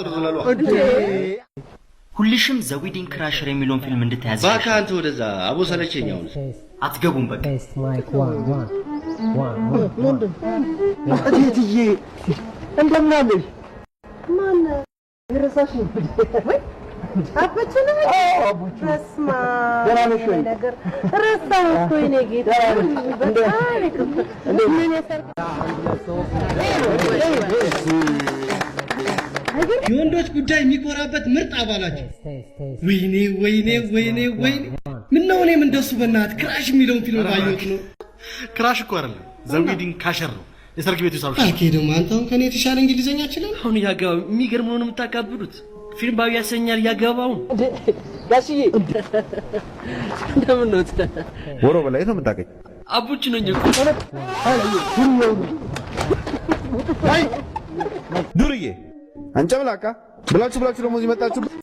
ዝለሏ። ሁልሽም ዘዊዲን ክራሸር የሚለውን ፊልም እንድታያዝ እባክህ። አንተ ወደዛ አቦ አትገቡም። በቃ እንደምናለሽ? ረሳ ጌታ የወንዶች ጉዳይ የሚኮራበት ምርጥ አባላቸው። ወይኔ ወይኔ ወይኔ ወይኔ! ምነው እኔም እንደሱ በእናትህ ክራሽ የሚለውን ፊልም ባየሁት ነው። ክራሽ እኮ አይደለም ዘዊዲን ካሸር ነው የሰርግ ቤቱ ሳብ አልኬድም። አንተ ከኔ የተሻለ እንግሊዝኛ ችለን አሁን እያገባ ሆነ የምታካብዱት ፊልም ባብ ያሰኛል። እያገባውን ጋሽዬ እንደምን ነው ወሮ በላይ ነው የምታቀኝ አቡች ነኝ ዱርዬ አንጨብላቃ ብላችሁ ብላችሁ ደግሞ እዚህ መጣችሁ።